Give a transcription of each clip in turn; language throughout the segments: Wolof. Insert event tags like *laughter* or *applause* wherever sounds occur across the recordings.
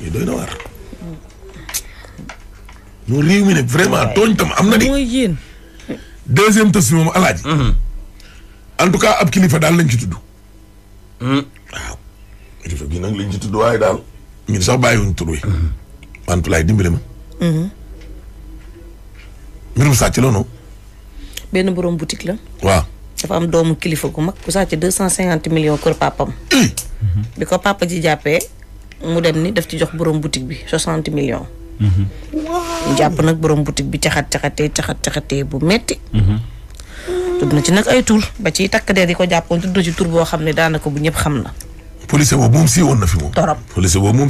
yooyu doy na waar. ñun réew mi nag vraiment tooñ tam am na de. mooy yéen. deuxième tës bi mhm. en tout cas ab kilifa daal lañ ci tudd. Mhm. waaw. kilifa gi tudd waaye daal. ñun sax bàyyiwuñ tur wi. Mantoulaye mhm. dimbali ma. mbirum sàcc la noonu. benn borom boutique la. waaw. dafa am doomu kilifa gu mag ku sàcc deux cent cinquante millions kër papam bi ko papa ji jàppee. mu dem ni daf ci jox borom boutique bi soixante millions. jàpp nag borom boutique bi caxat caxatee caxat caxatee bu metti mhm. tudd na ci nag ay tur ba ci takk der yi ko jàppoon tudd na ci tur boo xam ne daanaka bu ñëpp xam na. police boobu moom sii woon na fi moom. torop police boobu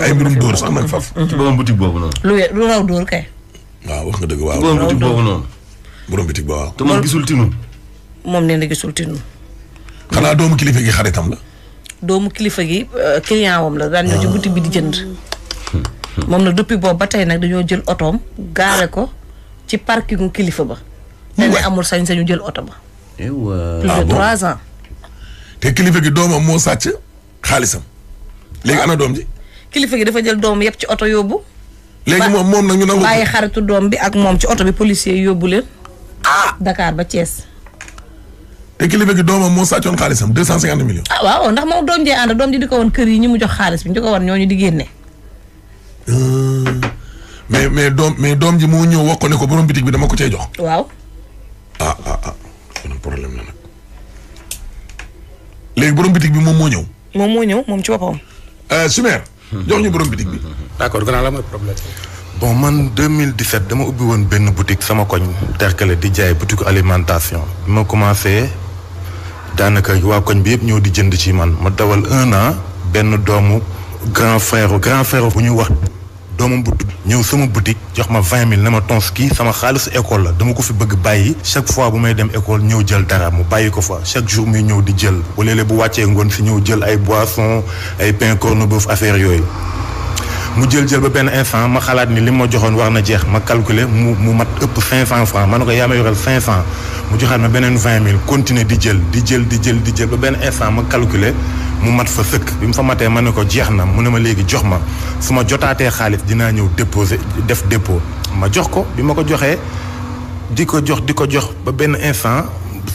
ay mbirum dóor sax nag faf. Mhm. ci boobu noonu. lu lu raw dóor kay. waaw wax nga dëgg waaw. borom boutique boobu noonu. borom ba waaw. te moom gisul tinu. moom nee na gisul tinu. xanaa doomu kilifa gi xaritam la. doomu kilifa gi euh, client wam la daan bi di jënd. moom nag depuis boobu ba tey nag dañoo jël otoom gaare ko ci parkingu kilifa ba. ne amul sañ-sañu jël oto ba. Eh plus ah kilifa gi doomam moo sàcc xaalisam. léegi ana doom ji. kilifa gi dafa jël doom yëpp ci oto yóbbu. léegi moom moom nag ñu nangu bàyyi xaritu doom bi ak moom ci oto bi policier yóbbu leen. Ah! Dakar ba Thiès. te kilifa gi doomam moo sàccoon xaalisam deux cent cinquante millions. ah waaw ndax moom doom jee ànd doom ji di ko woon kër yi ñu mu jox xaalis bi ñu ko woon ñooñu di génne. Euh, mais mais doom mais doom ji moo ñëw wax ko ne ko bi dama ko cee jox. waaw. ah ah ah la nag léegi borom bitig bi moom moo ñëw. moom moo ñëw moom ci boppam. Euh, Sumer. jox ñu borom bitig bi. d'accord gannaaw la mooy problème. bon man mille 2017 dama ubbi woon benn boutique sama koñ. terkale di jaay boutique alimentation. bi ma commencé. daanaka waa koñ bi yëpp ñëw di jënd ci man ma dawal un an benn doomu grand frère grand frère bu ñu wax doomam bu tudd ñëw sama boutique jox ma vingt mille na ma tons kii sama xaalisu école la dama ko fi bëgg bàyyi chaque fois bu may dem école ñëw jël dara mu bàyyi ko fa chaque jour muy ñëw di jël bu léeg bu wàccee ngoon si ñëw jël ay boissons ay pain corned-beef affaire yooyu mu jël jël ba benn instant ma xalaat ni li ma joxoon war na jeex ma calculer mu mu mat ëpp 500 francs ma ne ko yaa ma yoreel cent mu joxaat ma beneen 20 000 continuer di jël di jël di jël di jël ba benn instant ma calculer mu mat fa sëkk bi mu fa matee ma ne ko jeex na mu ne ma léegi jox ma su ma jotaatee xaalis dinaa ñëw déposer def dépo ma jox ko bi ma ko joxee di ko jox di ko jox ba benn instant.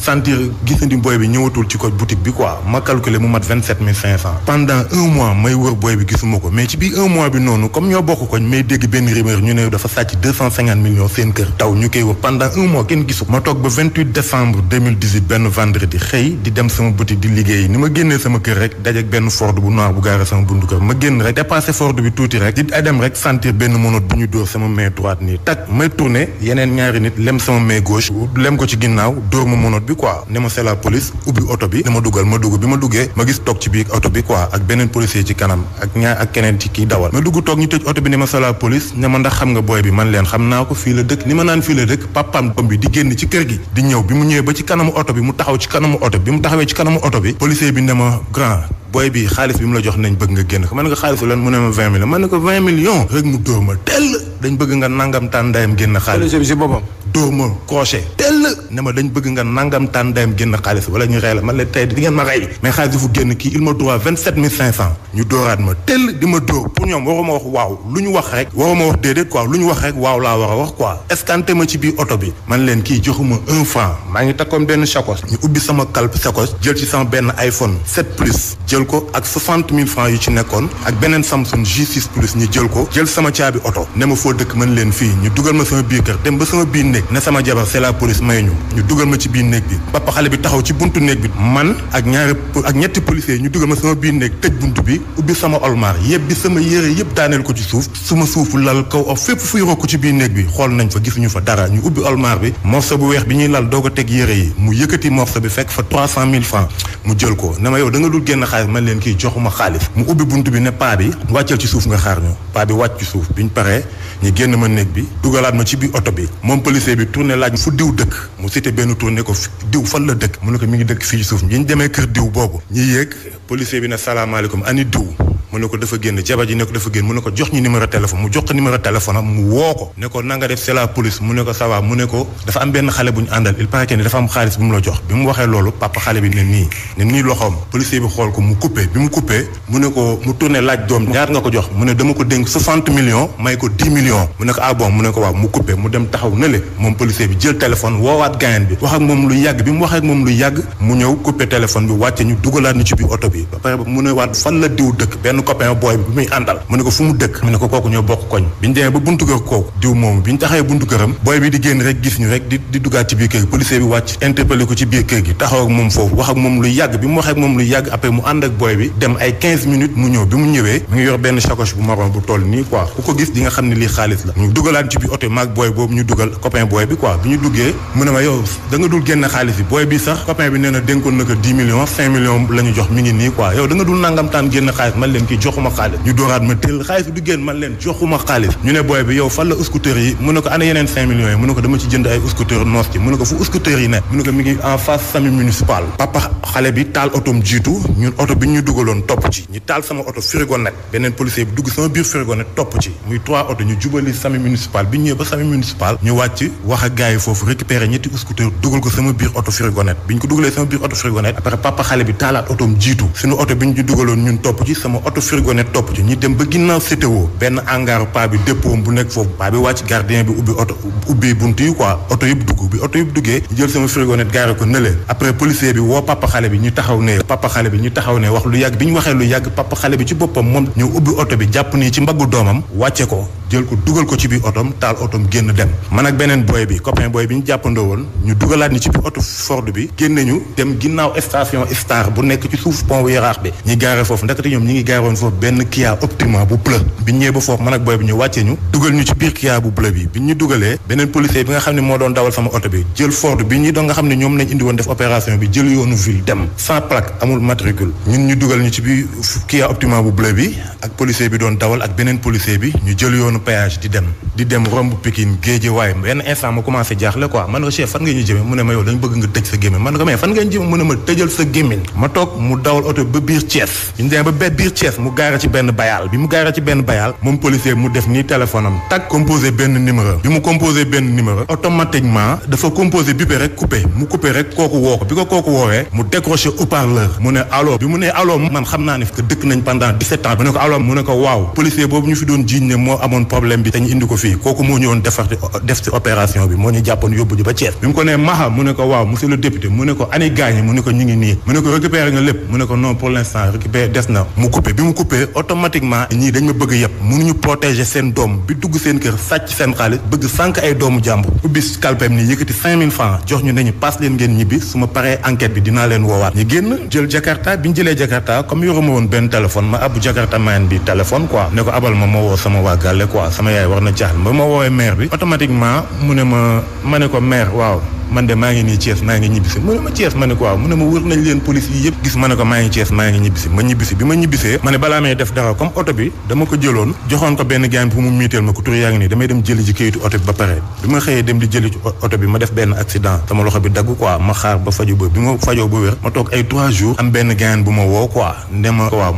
sentir gisandi booy bi ñëwatul ci ko boutique bi quoi ma calculer mu mat vingt sept mille cinq cent pendant un mois may wër booy bi gisuma ko mais ci biir un mois bi noonu comme ñoo bokk koñ may dégg benn rumeur ñu ne dafa sàcc deux seen kër taw ñu koy wër pendant un mois kenn gisu ma toog ba vingt huit décembre benn vendredi xëy di dem sama boutique di liggéey ni ma génnee sama kër rek dajeeg benn Ford bu noir bu gaare sama bundu ma génn rek nit lem sama main gauche ko ci ginnaaw dóor bi quoi ne ma c'est la ubbi oto bi ne ma dugal ma dugg bi ma duggee ma gis toog ci biir oto bi quoi ak beneen policier ci kanam ak ñaar ak keneen ci kii dawal ma dugg toog ñu tëj oto bi ne ma c'est la police ne ma ndax xam nga booy bi man leen xam naa ko fii la dëkk ni ma naan fii la dëkk papaam doom bi di génn ci kër gi di ñëw bi mu ñëwee ba ci kanamu oto bi mu taxaw ci kanamu oto bi mu taxawee ci kanamu oto bi policier bi ne ma grand booy bi xaalis bi mu la jox nañ bëgg nga génn ko mën nga xaalis lan ne na ko vingt millions rek mu dóor ma tell dañ bëgg nga nangam tàndaayam génn xaalis boppam dóor ma crochet tell ne ma dañ bëgg nga nangam tàndaayam génn xaalis wala ñu rey la man la tey di ngeen ma rey mais xaalis bi fu génn kii il ma droit vingt sept mille cinq cent ñu dóoraat ma tell di ma dóor pour ñoom waruma wax waaw lu ñu wax rek waruma wax déedéet quoi lu ñu wax rek waaw maa ngi takkoon benn sakos ñu ubbi sama kalp sakos jël ko ak soixante mille francs yu ci nekkoon ak beneen Samsung J6 plus ñu jël ko jël sama caabi oto ne ma foo dëkk mën leen fii ñu la police may ci biir néeg bi papa xale bi taxaw ci ñu fa gisuñu fa bi morceau bu weex bi ñuy lal doog a teg yére yi mu yëkkati morceau bi fekk fa trois mille francs mu jël ko ne ma yow da dul génn xaalis man leen kiy joxuma xaalis mu ubbi bunt bi ne paa bi wàccal ci suuf nga xaar ñu paa bi wàcc suuf suuf ñu paree ñu génn ma néeg bi dugalaat ma ci biir oto bi moom policier bi tourné laaj fu diw dëkk mu cité benn tourné ko diw fan la dëkk mu ne ko mi ngi dëkk fii ci suuf bi ñu demee kër diw boobu ñu yéeg policier bi na salaamaaleykum ani diw mu ne ko dafa génn jabar ji ne ko dafa génn mu ne ko jox ñu numéro téléphone mu jox ko numéro téléphone am mu ne ko nga ko dafa am mu jox bi mu waxee loolu ne ko mu coupé bi mu ne ko mu mu ne may ko 10 millions mu ne ko ah bon mu ne ko waaw mu coupé mu dem taxaw na le moom policier bi jël téléphone woowaat gaayan bi wax ak moom lu yàgg bi mu wax ak moom lu yàgg mu ñëw coupé téléphone bi wàcce ñu dugalaat ñu ci biir oto bi ba pare mu ne waat fan la diw dëkk benn benn booy bi muy àndal mu ne ko fu mu dëkk mu ne ko kooku ñoo bokk koñ bi ñu demee ba buntu kër kooku diw moom bi ñu taxawee buntu këram booy bi di génn rek gis ñu rek di di ci biir kër gi policier bi wàcc interpellé ko ci biir kër gi taxaw ak moom foofu wax ak moom lu yàgg bi mu wax ak moom lu yàgg après mu ànd ak booy bi dem ay 15 minutes mu ñëw bi mu ñëwee mu ngi yor benn sacoche bu marron bu toll nii quoi ko gis di xam ne lii kii joxuma xaalis ñu dooraat ma tël xaalis bi du génn man leen joxuma xaalis ñu ne booy bi yow fan la yi mu ne ko ana yeneen cinq millions yi mu ne ko dama ci jënd ay uskuteur noos ci mu ne ko fu uskuteur yi ne mu ne ko mi ngi en face sami municipal papa xale bi taalaat otom jiitu suñu oto bi ñu dugaloon ñun topp ci sama oto baatu fourgonnette topp ci ñi dem ba ginnaaw CTO benn hangar paa bi dépôt bu nekk foofu paa bi wàcc gardien bi ubbi oto ubbi bunt yi quoi oto yëpp dugg duggee jël sama fourgonnette gaare ko nële après policier bi woo papa xale bi ñu taxaw ne papa xale bi ñu taxaw ne wax lu yàgg bi ñu waxee lu yàgg papa xale bi ci boppam moom ñu ubbi oto bi jàpp nii ci mbaggu doomam wàcce ko jël ko dugal ko ci biir otom taal otom génn dem man ak beneen boy bi copain boy bi ñu jàppandoo woon ñu bi bu nekk ci suuf pont bu woon foofu benn Kia Optima bu bleu bi ñëwee ba foofu man ak booy bi ñu dugalee beneen policier bi nga xam ne moo doon dawal sama oto bi jël Ford bi ñuy doon xam ne ñoom lañ indi def opération bi jël yoonu ville dem sans plaque amul matricule ñu dugal ñu ci biir Kia Optima bu bleu bi ak policier bi doon dawal ak beneen policier bi ñu jël yoonu péage di dem di dem romb Pikine Guédiawaye benn instant ma commencé jaaxle quoi man ko oh, chef fan nga ñu mu ne ma yow dañ bëgg nga mu gaara ci benn bayaal bi mu gaara ci benn bayaal moom policier mu def nii téléphone tag composé benn numéro bi mu composé benn numéro automatiquement dafa composé bi rek coupé mu coupé rek kooku ko bi ko mu ne ko allo mu ne ko waaw policier boobu ñu fi doon jiiñ ne moo amoon problème bi te indi ko fii kooku moo ñëwoon defar def ci opération bi moo ñu jàppoon yóbbu ñu ba Thiès bi mu ko nee maha mu ne ko waaw monsieur le député mu ne ko ani mu ne ko ñu ma coupé automatiquement ñii dañ ma bëgg yëpp mënuñu protéger seen doom bi dugg seen kër sàcc seen xaalis bëgg sànq ay doomu jàmbur ubbi kalpem ni yëkkati cinq mille francs jox ñu nañu paas leen ngeen ñibbi su ma paree enquête bi dinaa leen woowaat ñu génn jël jakarta bi ñu jëlee jakarta comme yoruma woon benn téléphone ma abbu jakarta mayen bi téléphone quoi ne ko abal ma ma woo sama waa gàlle quoi sama yaay war na jaaxal ba ma woowee maire bi automatiquement ne ma ma ne ko maire waaw man de maa ngi nii Thiès maa ngi ñibbisi mu ne ma Thiès ma ne ko waaw mu ne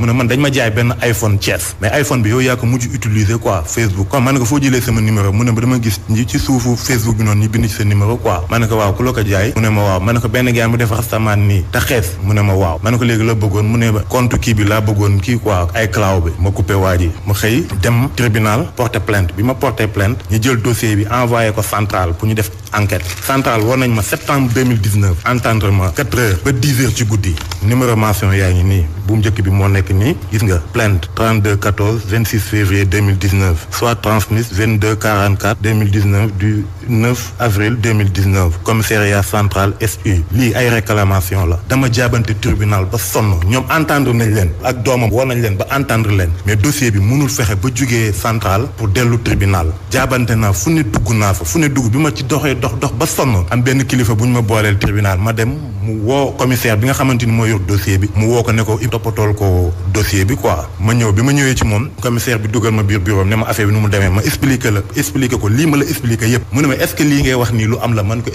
ma man dañ ma jaay benn iPhone Thiès mais iPhone bi yow yaa ko mujj utiliser quoi Facebook kon ma ne ko foo jëlee sama numéro mu ne ma dama gis ci suufu Facebook bi noonu ñi bind sa numéro quoi waaw ku la ko jaay mu ne ma waaw man ne ko benn gaay mu def rastamaan nii te xees mu ne ma waaw ma ne ko léegi la bëggoon mu ne ma compte kii bi laa bëggoon kii quoi ay claw bi ma coupé waa ji ma xëy dem tribunal porté plainte bi ma porté plainte ñu jël dossier bi envoyé ko central pour ñu def enquête centrale woon nañ ma septembre 2019 entendre ma quatre heures ba dix heures ci guddi numéro mention yaa ngi nii bu njëkk bi moo nekk nii gis nga plainte 32 14 26 février 2019 soit transmise 22 44 2019 du 9 avril 2019 commissariat central SU lii ay réclamation la dama jaabante tribunal ba sonn ñoom entendre nañ leen ak doomam woon nañ leen ba entendre leen mais dossier bi mënul fexe ba jugee central pour dellu tribunal jaabante naa fu ne dugg naa fa fu ne dugg bi ma ci doxee dox dox ba sonn am benn kilifa bu ñu ma booleel tribunal ma dem mu woo commissaire bi nga xamante ni moo yor dossier bi mu woo ko ne ko i toppatool ko dossier bi quoi ma ñëw bi ma ñëwee ci moom commissaire bi dugal ma nu mu demee ma expliqué la expliqué ko lii ma la expliqué yëpp mu ne ma est la man ko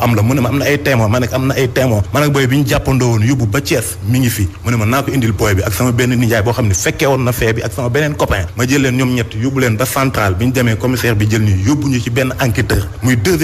am na ay témoins ma nekk am na ay témoins man ak booy bi ñu jàppandoo woon yóbbu ba Thiès mi ngi fi mu ne ma naa ko indil booy bi ak sama benn nijaay boo xam ne fekkee woon na fee bi ak sama beneen copain ma jël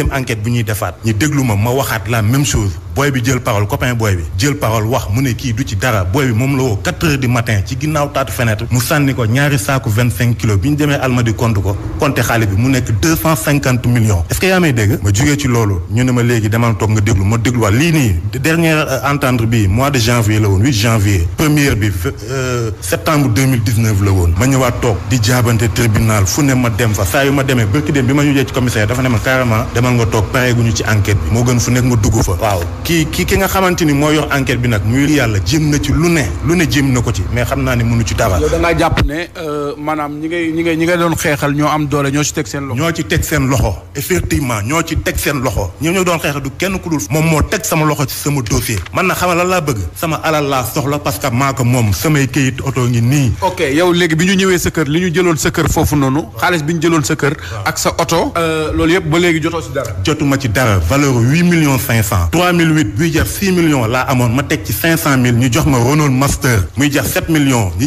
deuxième bu ñuy defaat ñu déglu ma ma waxaat la même chose booy bi jël parole copin booy bi jël parole wax mu ne kii du ci dara booy bi moom la woo quatre heures du matin ci ginnaaw taatu fenêtre mu sànni ko ñaari saaku vingt cinq kilos bi ñu demee almadi compte ko compte xaalis bi mu nekk deux cent cinquante millions est ce yaa may dégg ma jugee ci loolu ñu ne ma léegi demal toog nga déglu ma dégluwaat lii nii dernière euh, entendre bi mois de janvier la woon 8 janvier première bi euh, septembre 2019 la woon ma ñëwaat toog di jaabante tribunal fu ne ma dem fa saa ma demee bërki bi ma ñu jee dafa ne ma carrément demal nga toog pareeguñu ci enquête moo gën fu nekk nga dugg fa waaw ki ki ki nga xamante ni moo yor enquête bi nag muy yàlla jéem na ci lu ne lu ne jéem na ko ci mais xam naa ne mënu ci dara. yow da jàpp ne euh, maanaam ñi ngay ñi ngay doon xeexal ñoo am doole ñoo ci teg seen loxo. ñoo ci teg seen loxo effectivement ñoo ci teg seen loxo ñoo ñu doon xeexal du kenn ku dul. moom moo teg sama loxo ci sama dossier. man na xamal lan laa bëgg. sama alal laa soxla parce que maa ko moom samay këyit oto ngi nii. ok yow léegi bi ñu ñëwee sa kër li ñu jëloon sa kër foofu noonu. xaalis bi ñu jëloon sa kër. ak sa oto. Euh, loolu yëpp ba léegi jotoo ci dara. jotuma ci dara valeur 8 millions 500. 3 humide buy jar six laa amoon ma teg ci cinq cent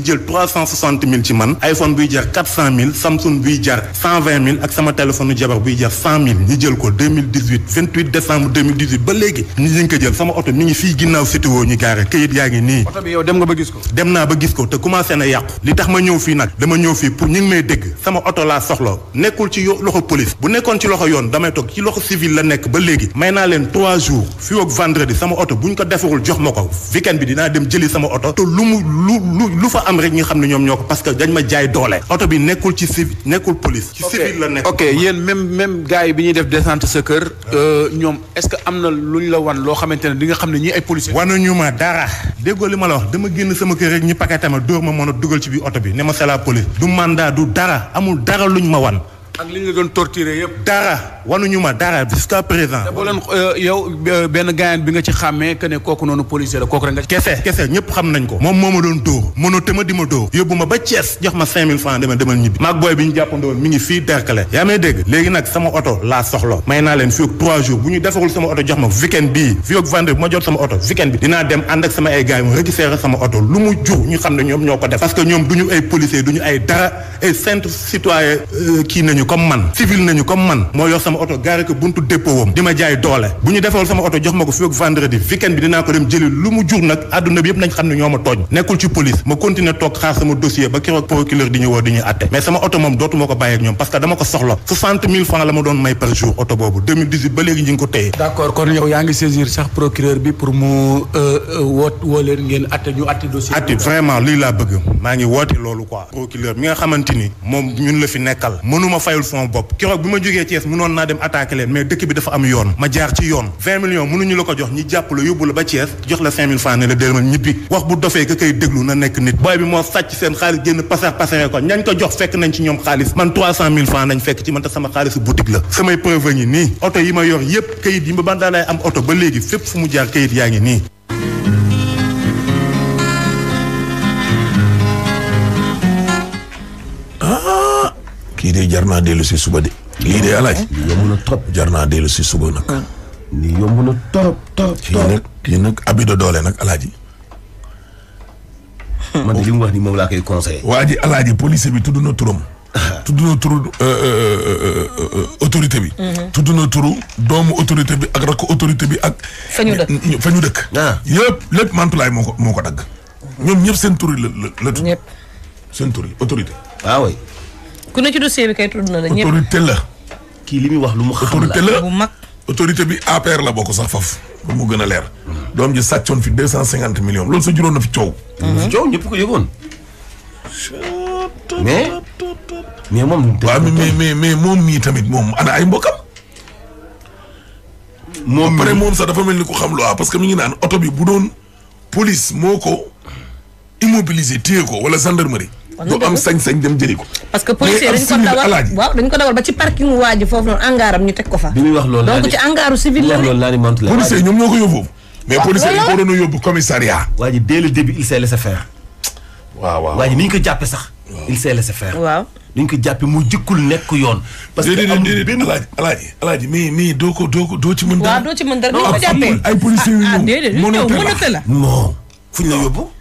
jël trois ci man iPhone buy jar quatre cent mille ak sama téléphone jabar buy jar cent mille jël ko ba léegi ñu ngi ko sama oto mi ngi fii ginnaaw Sétiwoo ñu gaare këyit yaa ngi nii. oto bi yow dem nga ba gis ko. te commencé na yàqu li tax ma ñëw fii nag dama ñëw ci loxo police bu nekkoon ci loxo yoon damay toog ci loxo civil la nekk ba léegi may naa leen trois jours fii vendredi sama oto bu ñu ko defarul jox ma ko weekend bi dinaa dem jëli sama oto te lu mu lu lu fa am rek ñi xam ne ñoom ñoo ko parce que dañ ma jaay doole oto bi nekkul ci civil nekkul police. ci civil la nekk ok yéen même même gars bi ñuy def descente sa kër. Euh, ñoom est ce que am na lu ñu la wan loo xamante ne di nga xam ne ñii ay policiers. ñu ma dara déggoo li ma la wax dama génn sama kër rek ñu paquet ma dóor ma mën a dugal ci biir oto bi ne ma c'est la police du mandat du dara amul dara luñ ma wan ak li ñu doon torturer yëpp. dara wanuñu ma dara jusqu'à présent. te boo leen euh, yow benn gaañan bi nga ci xàmmee que ne kooku noonu policier la kooku rek nañ ko. moom moo ma doon dóor mënoo te ba Thiès ma 5000 francs demal demal ñibbi. maag booy bi ñu jàppandoon mi ngi fii Derklé. yaa may dégg léegi sama oto leen fii ak 3 ñu defarul sama oto jox ma weekend bii fii ak vendredi bu ma jot sama oto weekend bi. dinaa lu mu jur ñu xam ne ñoom ñoo ko def. parce que ñoom du ñu ay policier du ñu ay dara ay centre citoyen euh, kii nañu nañu comme man civil nañu comme man moo yor sama oto gaare ko nekkul ci police ma continuer toog sama dossier ba keroog procureur di ñu woo di ñu atte mais sama oto moom dootuma ko bàyyi ak ñoom parce que dama ko soxla 60 000 francs la ma doon may par jour oto boobu 2018 ba léegi ñu ngi ko téye d'accord kon yow yaa ngi saisir sax procureur bi pour mu euh, euh, woot woo leen ngeen atte ñu atte dossier atte vraiment lii laa bëgg maa ngi woote loolu quoi procureur mi nga xamante ni moom ñun la fi nekkal mënuma fayul sama bopp keroog bi ma jógee Thiès mënoon naa dem attaquer leen mais dëkk bi dafa am yoon ma jaar ci yoon vingt millions mënuñu la ko jox ñi jàpp la yóbbu la ba Thiès jox la mille francs ne la dërëmal ñibbi wax bu dofee ka koy déglu na nekk nit booy bi moo sàcc seen xaalis génn pasar pasare ko ñañ ko jox fekk nañ ci ñoom xaalis man mille francs nañ fekk ci man sama xaalisu boutique la samay preuve ngi nii oto yi ma yor yépp kayit yi ma bandaalay am oto ba yaa ngi kii de jar dellu si suba de. lii de alaaj yomb na trop jar naa dellu si suba nag. lii ah. yomb na trop trop trop. kii nag kii nag abido doole nag alaaji. *laughs* man alaaji police bi tudd na turam. *laughs* tudd na turu euh, euh, euh, autorité bi. Mhm. tudd na turu doomu autorité bi ak rakk autorité bi ak. fa dëkk ah. yëpp lépp mantulaay moo ko moo ko dagg. ñoom ñëpp seen tur la la la seen tur autorité. Ah ku ne ci dossier bi kay tudd na la ñëpp autorité la. kii li muy wax lu mu xam la bu mag autorité bi APR la bokk sax faf mu gën a leer. doom ji sàccoon fi deux cent cinquante millions loolu sa juróom na fi coow. ñëpp ko yëgoon. mais mais moom. mais moom mii tamit moom ay mbokkam. moom pare moom sax dafa mel ni ku xam lu parce que mi ngi naan oto bi bu doon police moo ko immobiliser téye ko wala gendarmerie. du am sañ-sañ dem jëli ko. parce que policier dañ ko dawal waaw dañ ko dawal ba ci parking waa ji foofu noonu angaaram ñu ko fa. bi muy wax loolu donc la. loolu laa ni mante la policier ñoom ñoo ko yóbbu. jàppee mu jëkkul nekk yoon. parce que amul benn alaaji alaaji doo ko doo ko doo ci mën dara. waaw ci mën dara ah, ah, doo la non fu ñu la yóbbu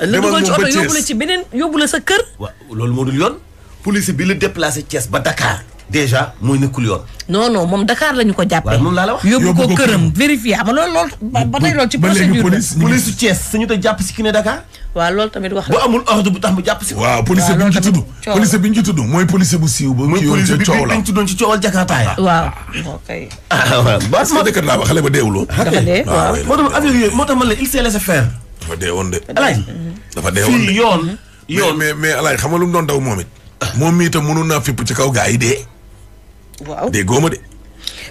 la dugal ci oto yóbbu la ci beneen yóbbu la sa kër. waaw loolu moo dul yoon. police bi la déplacé Thiès ba Dakar. déjà mooy nekkul yoon. non non moom Dakar lañu ko jàppee. waaw moom laa la wax yóbbu ko këram vérifié ama loolu loolu. ba tey loolu ci procédure ba léegi police su Thiès sañu te jàpp si ki ne Dakar. waaw loolu tamit wax la bu amul ordre bu tax mu jàpp si. waaw policier bi ñu ci tudd policier bi ñu ci tudd mooy policier bu siiw ba. kii woon ca coow la mooy policier bi bi ñu ci doon ci coowal Jakarta ya. waaw ah. ok. ah waaw parce que dëkk laa ba xale ba deewuloo. Ah, dafa dee ah, waaw moo tax affaire yooyu moo tax man la il s'est laissé faire dafa dee woon de. dafa dee woon de yoon. yoon mais mais alaay xam nga lu mu doon daw moom it. moom mii itam mënoon naa fipp ci kaw gaa yi dee. waaw dee góoma de.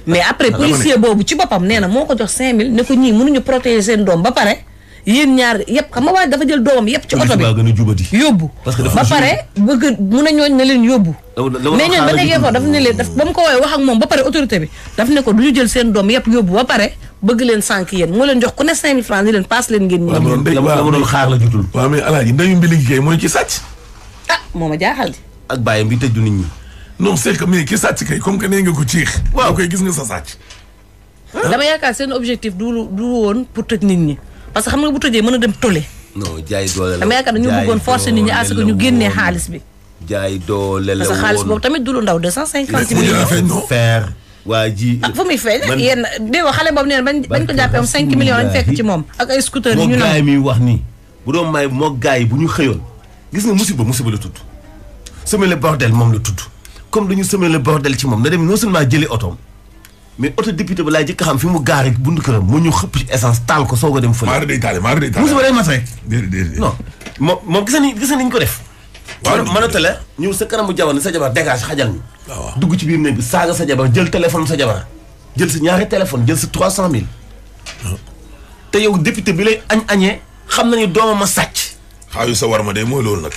mais après policier boobu ci boppam nee na moo ko jox 5000 ne ko ñii mënuñu protéger seen doom ba pare. yéen ñaar yëpp xam nga waa dafa jël doomam yëpp a ñooñ na leen yóbbu mais ñooñ ba nekkee foofu daf ne leen daf ba mu ko woowee wax ak moom ba pare autorité bi daf ne ko du ah, ma nit ñi non c'est que mais ki sàcc kay comme que nee nga ko ciix waaw koy gis nga sa sàcc dama yaakaar seen objectif du du woon pour tëj nit ñi parce que xam nga bu tëjee mën a dem tollé. non jaay doole la jaay nit ñi à ce ñu génnee xaalis bi. jaay doole parce que xaalis boobu tamit du lu ndaw 250 millions. faire waa ji. ah fu muy fay nag yéen déggoo xale boobu nee bañ bañ ko jàppee am 5 millions lañ fekk ci moom. ak ay scooter yu ñu naan moo mi wax nii. bu doon may moo gars yi bu ñu xëyoon gis nga musiba musiba la tudd semer le bordel moom la tudd comme dañu semer le bordel ci moom na dem non seulement jëlee otoom mais oto député ba laay jëkk xam fi mu gaare buntu këram mu ñu xëpp ci essence taal ko soog a dem fële. maa day taale ko def. waaw mën a tele ñëw sa kanamu jabar ni sa jabar dégage xajal ñu. Ah, dugg ci biir néeg bi saaga sa jabar jël téléphone sa jabar jël sa ñaari téléphone jël sa 300000. Ah. te yow député bi lay añ añee xam nañu doomam a sàcc. xaayu sa war ma de mooy loolu nag.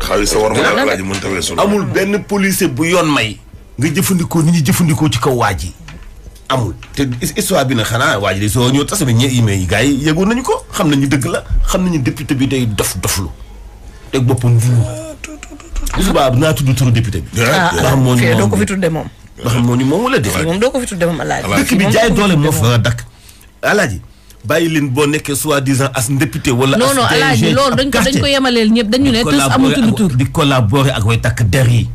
xaayu sa war ma de alaaji mën tawee amul benn policier bu yoon may. nga jëfandikoo nit ñi jëfandikoo ci kaw waa ji amul te histoire bi nag xanaa waaj ji soo ñëw tasa bi ñe email yi gars yi yëgoon nañu ko xam nañu dëgg la xam nañu député bi day dof doflu teg boppam njuñ bi subaa naa tudd turu député bi ah, moom ba xam moo ñu moom wala doole moo fa dakk alaaji bàyyi leen boo nekkee soi-disant as député wala non non loolu dañ ko dañ ko yemaleel ñëpp dañu ne tous amul tudd tur di collaborer ak way takk der yi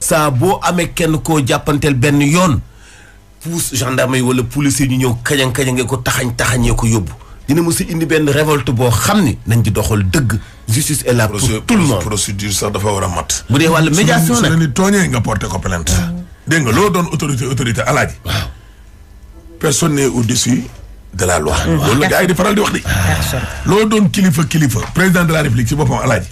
saa boo amee kenn koo jàppanteel benn yoon puus gendarme yi wala policier ñu ñëw kañang kañangee ko taxañ taxañee ko yóbbu dina mos indi benn révolte boo xam ni nañ ci doxal dëgg justice est là pour tout le monde procédure sax dafa war a mat bu dee wàllu médiation nag su tooñee nga porté ko plainte ah. nga loo doon autorité autorité alaaji waaw personne n'est au-dessus de la loi ah. loolu la gars yi di faral di wax di ah. loo doon kilifa kilifa président de la république ci boppam alaaji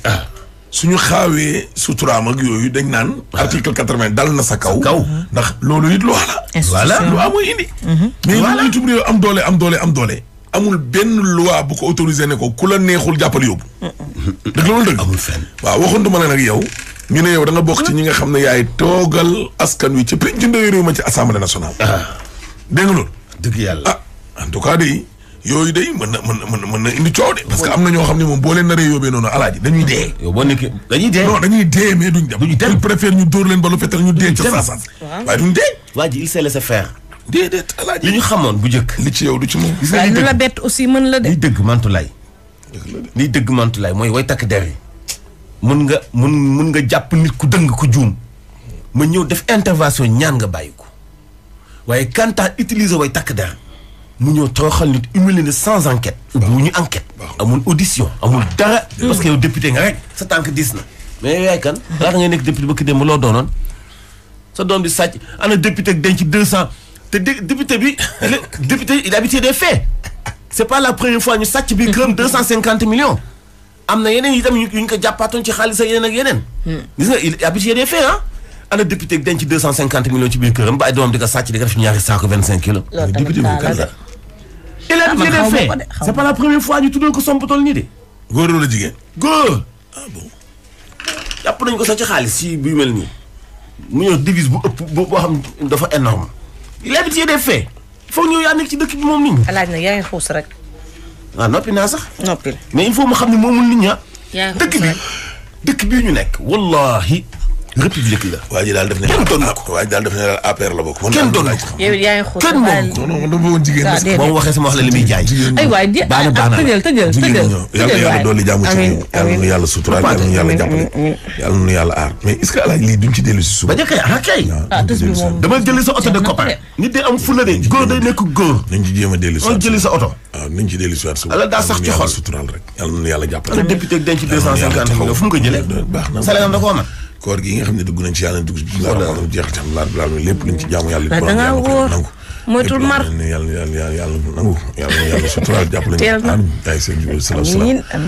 su ñu xaawee suturaam ak yooyu dañ naan. article quatre dal na sa kaw. kaw ndax loolu it lu wax la. voilà lu amul indi. Mhm. mais lu njiitum réew am doole am doole amul benn loi bu ko autorisé ne ko ku la neexul jàppal yóbbu. dëgg loolu dëgg. amul fenn waaw waxantuma la nag yow. ñu ne yow da nga bokk ci ñi nga xam ne yaay toogal askan wi ci pénc ndey réew ma ci assemblée nationale. Ah. dégg nga loolu. dëgg yàlla ah en tout cas de. yooyu day mën na mën na mën na indi coow de. parce que am na ñoo xam ne moom boo leen naree yóbbee noonu alaaji dañuy dee. yow boo nekkee dañuy dee. non dañuy dee mais duñ dem. duñ dem ils préfèrent ñu dóor leen ba lu fetal ñu dee. ca saa saa waaye duñ dee. waa ji il s'est laissé faire. déedéet alaaji li ñu xamoon bu njëkk. li ci yow du ci moom. gis nga li la bett aussi mën la de. liy dëgg mantulaay. liy dëgg mantulaay mooy way takk der yi. mun nga mun mun nga jàpp nit ku dëng ku juum. ma ñëw def intervention ñaan nga bàyyi ko waaye kantaan utiliser way takk der mu ñëw toroxal nit humilié ne sans enquête. bu ñu enquête. amul audition amul dara. Eh. parce que yow député nga rek sa tànk diis na. mais yaay kan laata ngay nekk député ba ki dem loo doonoon sa doom di sàcc ana député ak denc deux cent te député bi député il habitué des faits c' est pas la deux cent cinquante millions. am na yeneen itam yu ñu ko jàppaatoon ci xaalis ak yeneen ak yeneen. Hmm. il habitué des faits ah. ana député ak denc deux cent cinquante millions ci biir këram ba ay doomam di ko sàcc di ko def ñaari élève bi nga def c'est pas la première fois ñu tuddal ko somp tool nii de. góor wala jigéen. góor. ah bon. jàpp ko sax ci xaalis si bi mel nii. mu ñëw devise bu ëpp boo xam dafa énorme élève bi def fee. foog ñëw yaa nekk ci dëkk bi moom nit ñi. yaa ngi xuus rek. Ah, noppi naa sax. noppi mais il faut ma xam ne moomul nit ñi ah. dëkk bi dëkk bi ñu nekk wallahi république la. waa ji daal def ne. kenn doon la bokk. kenn doon na ko yow kenn moom non non jigéen parce que moom waxee sama wax de am fulla de góor day nekk góor nañ ci jéem a oto waaw ah, nañ ci dellu si waat sax ci xol suturaal rek yàlla nu yàlla jàppale député denc deux cent cinquante millions fu mu ko jëlee baax na salaire da koo koor gi nga xam ne dugg nañ ci yàlla dugg ci bisimilah rahmaani jeexal ci alhamdulilah rabbil aalamiin lépp luñ ci jaamu yàlla. waaw da ngaa wóor moytul mar yàlla yàlla yàlla nangu yàlla yàlla suturaal jàppale. teel na amiin